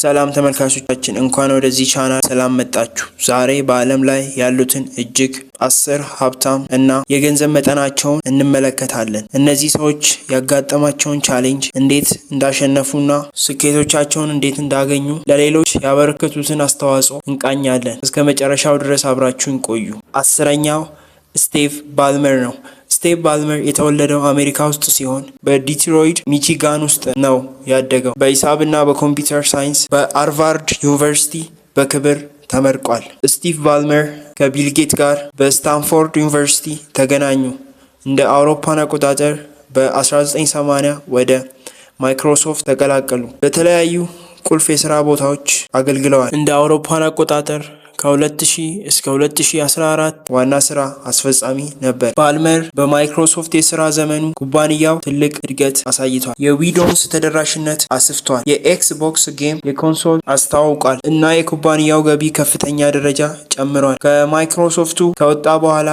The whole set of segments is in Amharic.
ሰላም ተመልካቾቻችን እንኳን ወደዚህ ቻናል ሰላም መጣችሁ። ዛሬ በዓለም ላይ ያሉትን እጅግ አስር ሀብታም እና የገንዘብ መጠናቸውን እንመለከታለን። እነዚህ ሰዎች ያጋጠማቸውን ቻሌንጅ እንዴት እንዳሸነፉና ስኬቶቻቸውን እንዴት እንዳገኙ ለሌሎች ያበረከቱትን አስተዋጽኦ እንቃኛለን። እስከ መጨረሻው ድረስ አብራችሁን ቆዩ። አስረኛው ስቴቭ ባልመር ነው። ስቴቭ ባልመር የተወለደው አሜሪካ ውስጥ ሲሆን በዲትሮይድ ሚቺጋን ውስጥ ነው ያደገው። በሂሳብና በኮምፒውተር ሳይንስ በአርቫርድ ዩኒቨርሲቲ በክብር ተመርቋል። ስቲቭ ባልመር ከቢልጌት ጋር በስታንፎርድ ዩኒቨርሲቲ ተገናኙ። እንደ አውሮፓን አቆጣጠር በ1980 ወደ ማይክሮሶፍት ተቀላቀሉ። በተለያዩ ቁልፍ የስራ ቦታዎች አገልግለዋል። እንደ አውሮፓን አቆጣጠር ከ2000 እስከ 2014 ዋና ስራ አስፈጻሚ ነበር። ፓልመር በማይክሮሶፍት የስራ ዘመኑ ኩባንያው ትልቅ እድገት አሳይቷል። የዊንዶውስ ተደራሽነት አስፍቷል፣ የኤክስቦክስ ጌም የኮንሶል አስተዋውቋል እና የኩባንያው ገቢ ከፍተኛ ደረጃ ጨምሯል። ከማይክሮሶፍቱ ከወጣ በኋላ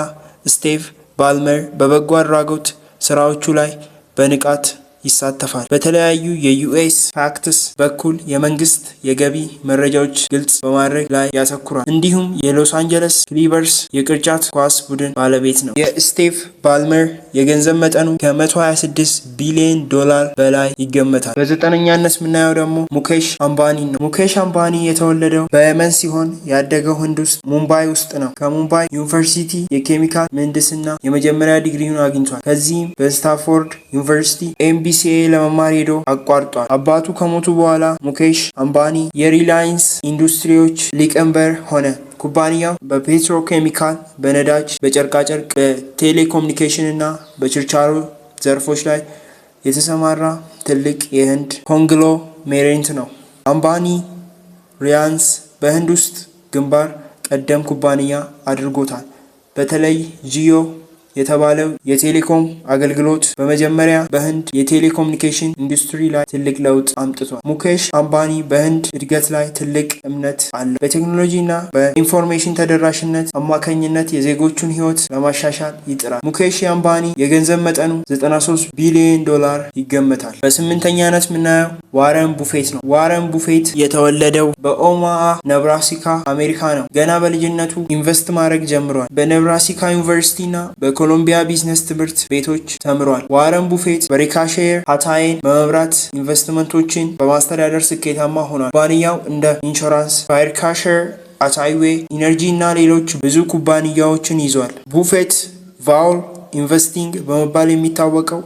ስቴቭ ባልመር በበጎ አድራጎት ስራዎቹ ላይ በንቃት ይሳተፋል። በተለያዩ የዩኤስ ፋክትስ በኩል የመንግስት የገቢ መረጃዎች ግልጽ በማድረግ ላይ ያተኩራል። እንዲሁም የሎስ አንጀለስ ክሊበርስ የቅርጫት ኳስ ቡድን ባለቤት ነው። የስቴቭ ባልመር የገንዘብ መጠኑ ከ126 ቢሊዮን ዶላር በላይ ይገመታል። በዘጠነኛነት የምናየው ደግሞ ሙኬሽ አምባኒ ነው። ሙኬሽ አምባኒ የተወለደው በየመን ሲሆን ያደገው ህንድ ውስጥ ሙምባይ ውስጥ ነው። ከሙምባይ ዩኒቨርሲቲ የኬሚካል ምህንድስና የመጀመሪያ ዲግሪውን አግኝቷል። ከዚህም በስታንፎርድ ዩኒቨርሲቲ ኤምቢ ቢሲኤ ለመማር ሄዶ አቋርጧል። አባቱ ከሞቱ በኋላ ሙኬሽ አምባኒ የሪላይንስ ኢንዱስትሪዎች ሊቀመንበር ሆነ። ኩባንያው በፔትሮኬሚካል፣ በነዳጅ፣ በጨርቃጨርቅ፣ በቴሌኮሙኒኬሽን እና በችርቻሮ ዘርፎች ላይ የተሰማራ ትልቅ የህንድ ኮንግሎ ሜሬንት ነው። አምባኒ ሪያንስ በህንድ ውስጥ ግንባር ቀደም ኩባንያ አድርጎታል። በተለይ ጂዮ የተባለው የቴሌኮም አገልግሎት በመጀመሪያ በህንድ የቴሌኮሙኒኬሽን ኢንዱስትሪ ላይ ትልቅ ለውጥ አምጥቷል። ሙኬሽ አምባኒ በህንድ እድገት ላይ ትልቅ እምነት አለው። በቴክኖሎጂ እና በኢንፎርሜሽን ተደራሽነት አማካኝነት የዜጎቹን ህይወት ለማሻሻል ይጥራል። ሙኬሽ አምባኒ የገንዘብ መጠኑ 93 ቢሊዮን ዶላር ይገመታል። በስምንተኛነት የምናየው ዋረን ቡፌት ነው። ዋረን ቡፌት የተወለደው በኦማሃ ነብራሲካ አሜሪካ ነው። ገና በልጅነቱ ኢንቨስት ማድረግ ጀምሯል። በነብራሲካ ዩኒቨርሲቲ እና በኮ በኮሎምቢያ ቢዝነስ ትምህርት ቤቶች ተምሯል። ዋረን ቡፌት በሪካሼር ሀታይን በመምራት ኢንቨስትመንቶችን በማስተዳደር ስኬታማ ሆኗል። ኩባንያው እንደ ኢንሹራንስ፣ ፋይርካሼር፣ አታይዌ ኢነርጂ እና ሌሎች ብዙ ኩባንያዎችን ይዟል። ቡፌት ቫውል ኢንቨስቲንግ በመባል የሚታወቀው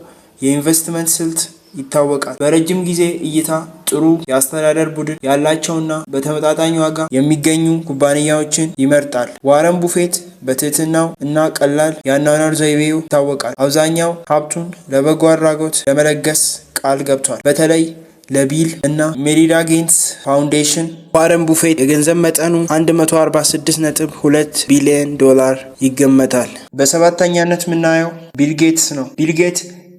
የኢንቨስትመንት ስልት ይታወቃል። በረጅም ጊዜ እይታ ጥሩ የአስተዳደር ቡድን ያላቸውና በተመጣጣኝ ዋጋ የሚገኙ ኩባንያዎችን ይመርጣል። ዋረን ቡፌት በትህትናው እና ቀላል የአኗኗር ዘይቤው ይታወቃል። አብዛኛው ሀብቱን ለበጎ አድራጎት ለመለገስ ቃል ገብቷል። በተለይ ለቢል እና ሜሊዳ ጌንስ ፋውንዴሽን ዋረን ቡፌት የገንዘብ መጠኑ 146.2 ቢሊዮን ዶላር ይገመታል። በሰባተኛነት የምናየው ቢል ጌትስ ነው። ቢል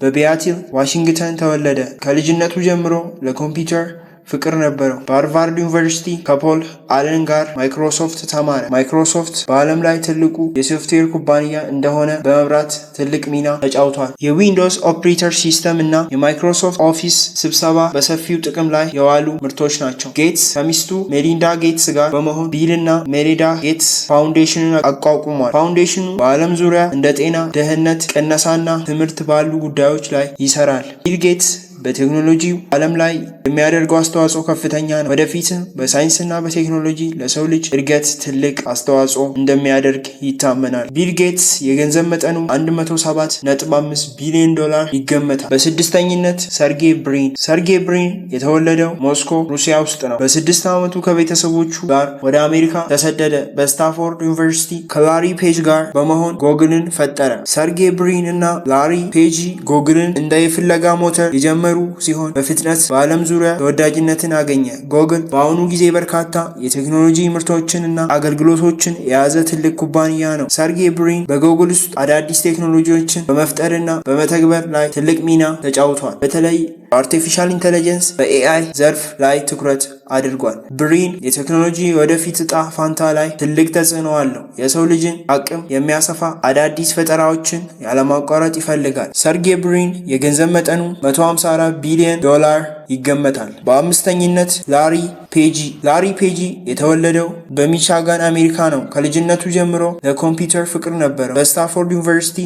በቤያቲል ዋሽንግተን ተወለደ። ከልጅነቱ ጀምሮ ለኮምፒውተር ፍቅር ነበረው። በሃርቫርድ ዩኒቨርሲቲ ከፖል አለን ጋር ማይክሮሶፍት ተማረ። ማይክሮሶፍት በዓለም ላይ ትልቁ የሶፍትዌር ኩባንያ እንደሆነ በመብራት ትልቅ ሚና ተጫውቷል። የዊንዶውስ ኦፕሬተር ሲስተም እና የማይክሮሶፍት ኦፊስ ስብሰባ በሰፊው ጥቅም ላይ የዋሉ ምርቶች ናቸው። ጌትስ ከሚስቱ ሜሊንዳ ጌትስ ጋር በመሆን ቢል እና ሜሊዳ ጌትስ ፋውንዴሽንን አቋቁሟል። ፋውንዴሽኑ በዓለም ዙሪያ እንደ ጤና፣ ደህንነት፣ ቅነሳና ትምህርት ባሉ ጉዳዮች ላይ ይሰራል። ቢል ጌትስ በቴክኖሎጂ ዓለም ላይ የሚያደርገው አስተዋጽኦ ከፍተኛ ነው። ወደፊት በሳይንስና በቴክኖሎጂ ለሰው ልጅ እድገት ትልቅ አስተዋጽኦ እንደሚያደርግ ይታመናል። ቢል ጌትስ የገንዘብ መጠኑ 107.5 ቢሊዮን ዶላር ይገመታል። በስድስተኝነት ሰርጌ ብሪን። ሰርጌ ብሪን የተወለደው ሞስኮ ሩሲያ ውስጥ ነው። በስድስት ዓመቱ ከቤተሰቦቹ ጋር ወደ አሜሪካ ተሰደደ። በስታንፎርድ ዩኒቨርሲቲ ከላሪ ፔጅ ጋር በመሆን ጎግልን ፈጠረ። ሰርጌ ብሪን እና ላሪ ፔጂ ጎግልን እንደ የፍለጋ ሞተር የጀመ የጀመሩ ሲሆን በፍጥነት በዓለም ዙሪያ ተወዳጅነትን አገኘ። ጎግል በአሁኑ ጊዜ በርካታ የቴክኖሎጂ ምርቶችን እና አገልግሎቶችን የያዘ ትልቅ ኩባንያ ነው። ሰርጌ ብሪን በጎግል ውስጥ አዳዲስ ቴክኖሎጂዎችን በመፍጠርና በመተግበር ላይ ትልቅ ሚና ተጫውቷል። በተለይ አርቲፊሻል ኢንቴሊጀንስ በኤአይ ዘርፍ ላይ ትኩረት አድርጓል። ብሪን የቴክኖሎጂ ወደፊት እጣ ፋንታ ላይ ትልቅ ተጽዕኖ አለው። የሰው ልጅን አቅም የሚያሰፋ አዳዲስ ፈጠራዎችን ያለማቋረጥ ይፈልጋል። ሰርጌ ብሪን የገንዘብ መጠኑ 154 ቢሊዮን ዶላር ይገመታል። በአምስተኝነት ላሪ ፔጂ። ላሪ ፔጂ የተወለደው በሚቻጋን አሜሪካ ነው። ከልጅነቱ ጀምሮ ለኮምፒውተር ፍቅር ነበረው። በስታንፎርድ ዩኒቨርሲቲ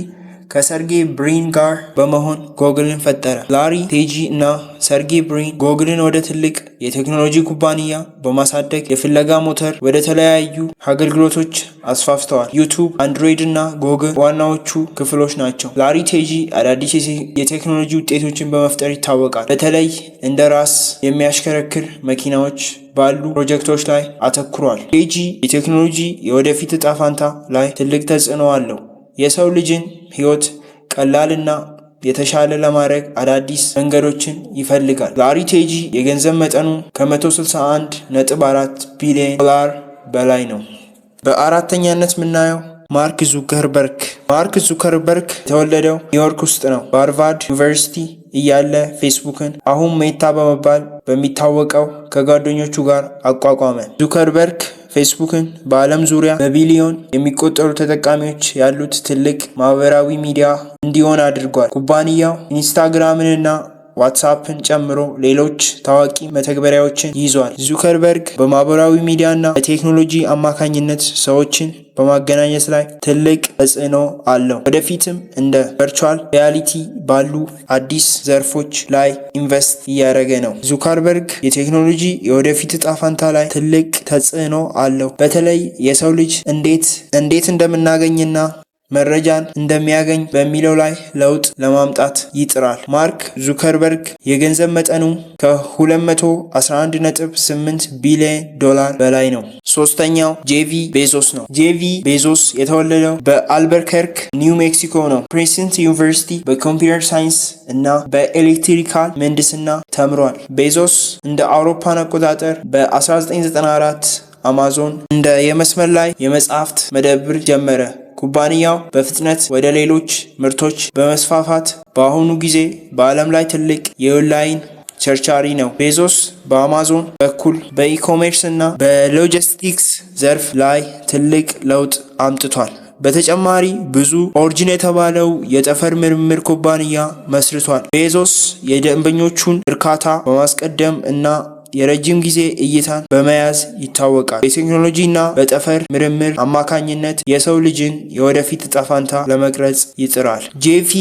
ከሰርጌ ብሪን ጋር በመሆን ጎግልን ፈጠረ። ላሪ ቴጂ እና ሰርጌ ብሪን ጎግልን ወደ ትልቅ የቴክኖሎጂ ኩባንያ በማሳደግ የፍለጋ ሞተር ወደ ተለያዩ አገልግሎቶች አስፋፍተዋል። ዩቱብ፣ አንድሮይድ እና ጎግል ዋናዎቹ ክፍሎች ናቸው። ላሪ ቴጂ አዳዲስ የቴክኖሎጂ ውጤቶችን በመፍጠር ይታወቃል። በተለይ እንደ ራስ የሚያሽከረክር መኪናዎች ባሉ ፕሮጀክቶች ላይ አተኩሯል። ቴጂ የቴክኖሎጂ የወደፊት እጣ ፋንታ ላይ ትልቅ ተጽዕኖ አለው። የሰው ልጅን ህይወት ቀላልና የተሻለ ለማድረግ አዳዲስ መንገዶችን ይፈልጋል። ለአሪቴጂ የገንዘብ መጠኑ ከ161.4 ቢሊዮን ዶላር በላይ ነው። በአራተኛነት የምናየው ማርክ ዙከርበርግ። ማርክ ዙከርበርግ የተወለደው ኒውዮርክ ውስጥ ነው። በሃርቫርድ ዩኒቨርሲቲ እያለ ፌስቡክን አሁን ሜታ በመባል በሚታወቀው ከጓደኞቹ ጋር አቋቋመ። ዙከርበርግ ፌስቡክን በዓለም ዙሪያ በቢሊዮን የሚቆጠሩ ተጠቃሚዎች ያሉት ትልቅ ማህበራዊ ሚዲያ እንዲሆን አድርጓል። ኩባንያው ኢንስታግራምንና ዋትሳፕን ጨምሮ ሌሎች ታዋቂ መተግበሪያዎችን ይዟል። ዙከርበርግ በማህበራዊ ሚዲያና በቴክኖሎጂ አማካኝነት ሰዎችን በማገናኘት ላይ ትልቅ ተጽዕኖ አለው። ወደፊትም እንደ ቨርቹዋል ሪያሊቲ ባሉ አዲስ ዘርፎች ላይ ኢንቨስት እያደረገ ነው። ዙከርበርግ የቴክኖሎጂ የወደፊት እጣ ፈንታ ላይ ትልቅ ተጽዕኖ አለው። በተለይ የሰው ልጅ እንዴት እንዴት እንደምናገኝና መረጃን እንደሚያገኝ በሚለው ላይ ለውጥ ለማምጣት ይጥራል። ማርክ ዙከርበርግ የገንዘብ መጠኑ ከ211.8 ቢሊዮን ዶላር በላይ ነው። ሶስተኛው ጄቪ ቤዞስ ነው። ጄቪ ቤዞስ የተወለደው በአልበርከርክ ኒው ሜክሲኮ ነው። ፕሪንስተን ዩኒቨርሲቲ በኮምፒውተር ሳይንስ እና በኤሌክትሪካል ምህንድስና ተምሯል። ቤዞስ እንደ አውሮፓን አቆጣጠር በ1994 አማዞን እንደ የመስመር ላይ የመጽሐፍት መደብር ጀመረ። ኩባንያው በፍጥነት ወደ ሌሎች ምርቶች በመስፋፋት በአሁኑ ጊዜ በዓለም ላይ ትልቅ የኦንላይን ቸርቻሪ ነው። ቤዞስ በአማዞን በኩል በኢኮሜርስ እና በሎጂስቲክስ ዘርፍ ላይ ትልቅ ለውጥ አምጥቷል። በተጨማሪ ብዙ ኦርጅን የተባለው የጠፈር ምርምር ኩባንያ መስርቷል። ቤዞስ የደንበኞቹን እርካታ በማስቀደም እና የረጅም ጊዜ እይታን በመያዝ ይታወቃል። በቴክኖሎጂና በጠፈር ምርምር አማካኝነት የሰው ልጅን የወደፊት እጣ ፈንታ ለመቅረጽ ይጥራል። ጄፊ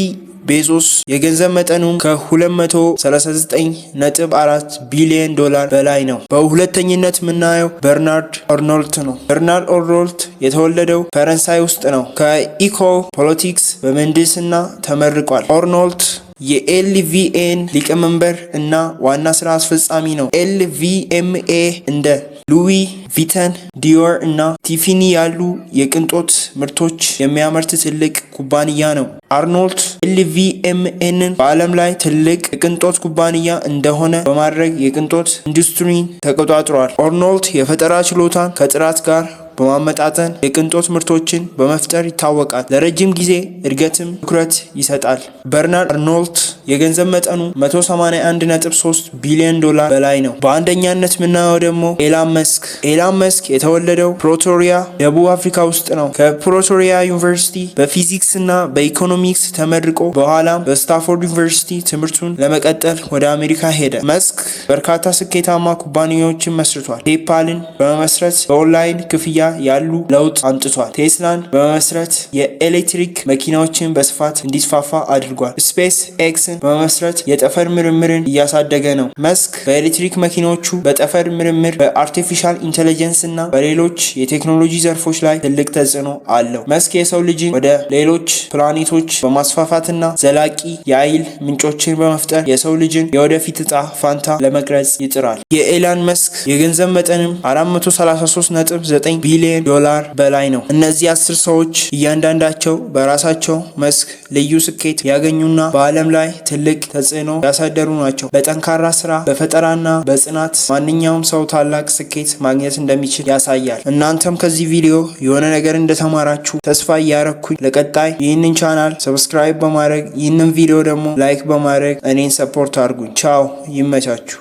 ቤዞስ የገንዘብ መጠኑም ከ239.4 ቢሊዮን ዶላር በላይ ነው። በሁለተኝነት የምናየው በርናርድ አርኖልት ነው። በርናርድ ኦርኖልት የተወለደው ፈረንሳይ ውስጥ ነው። ከኢኮ ፖለቲክስ በምህንድስና ተመርቋል። ኦርኖልት የኤልቪኤን ሊቀመንበር እና ዋና ስራ አስፈጻሚ ነው። ኤልቪኤምኤ እንደ ሉዊ ቪተን፣ ዲዮር እና ቲፊኒ ያሉ የቅንጦት ምርቶች የሚያመርት ትልቅ ኩባንያ ነው። አርኖልድ ኤልቪኤምኤንን በዓለም ላይ ትልቅ የቅንጦት ኩባንያ እንደሆነ በማድረግ የቅንጦት ኢንዱስትሪን ተቆጣጥሯል። አርኖልድ የፈጠራ ችሎታን ከጥራት ጋር በማመጣጠን የቅንጦት ምርቶችን በመፍጠር ይታወቃል። ለረጅም ጊዜ እድገትም ትኩረት ይሰጣል። በርናርድ አርኖልት የገንዘብ መጠኑ 181.3 ቢሊዮን ዶላር በላይ ነው። በአንደኛነት የምናየው ደግሞ ኤላን መስክ። ኤላን መስክ የተወለደው ፕሮቶሪያ፣ ደቡብ አፍሪካ ውስጥ ነው። ከፕሮቶሪያ ዩኒቨርሲቲ በፊዚክስ እና በኢኮኖሚክስ ተመርቆ በኋላም በስታንፎርድ ዩኒቨርሲቲ ትምህርቱን ለመቀጠል ወደ አሜሪካ ሄደ። መስክ በርካታ ስኬታማ ኩባንያዎችን መስርቷል። ፔፓልን በመመስረት በኦንላይን ክፍያ ያሉ ለውጥ አምጥቷል። ቴስላን በመመስረት የኤሌክትሪክ መኪናዎችን በስፋት እንዲስፋፋ አድርጓል። ስፔስ ኤክስን በመመስረት የጠፈር ምርምርን እያሳደገ ነው። መስክ በኤሌክትሪክ መኪናዎቹ በጠፈር ምርምር፣ በአርቲፊሻል ኢንቴሊጀንስ እና በሌሎች የቴክኖሎጂ ዘርፎች ላይ ትልቅ ተጽዕኖ አለው። መስክ የሰው ልጅን ወደ ሌሎች ፕላኔቶች በማስፋፋትና ዘላቂ የኃይል ምንጮችን በመፍጠር የሰው ልጅን የወደፊት እጣ ፋንታ ለመቅረጽ ይጥራል። የኤላን መስክ የገንዘብ መጠንም 433.9 ቢሊዮን ዶላር በላይ ነው። እነዚህ አስር ሰዎች እያንዳንዳቸው በራሳቸው መስክ ልዩ ስኬት ያገኙና በዓለም ላይ ትልቅ ተጽዕኖ ያሳደሩ ናቸው። በጠንካራ ስራ፣ በፈጠራና በጽናት ማንኛውም ሰው ታላቅ ስኬት ማግኘት እንደሚችል ያሳያል። እናንተም ከዚህ ቪዲዮ የሆነ ነገር እንደተማራችሁ ተስፋ እያረኩኝ ለቀጣይ ይህንን ቻናል ሰብስክራይብ በማድረግ ይህንን ቪዲዮ ደግሞ ላይክ በማድረግ እኔን ሰፖርት አድርጉኝ። ቻው፣ ይመቻችሁ።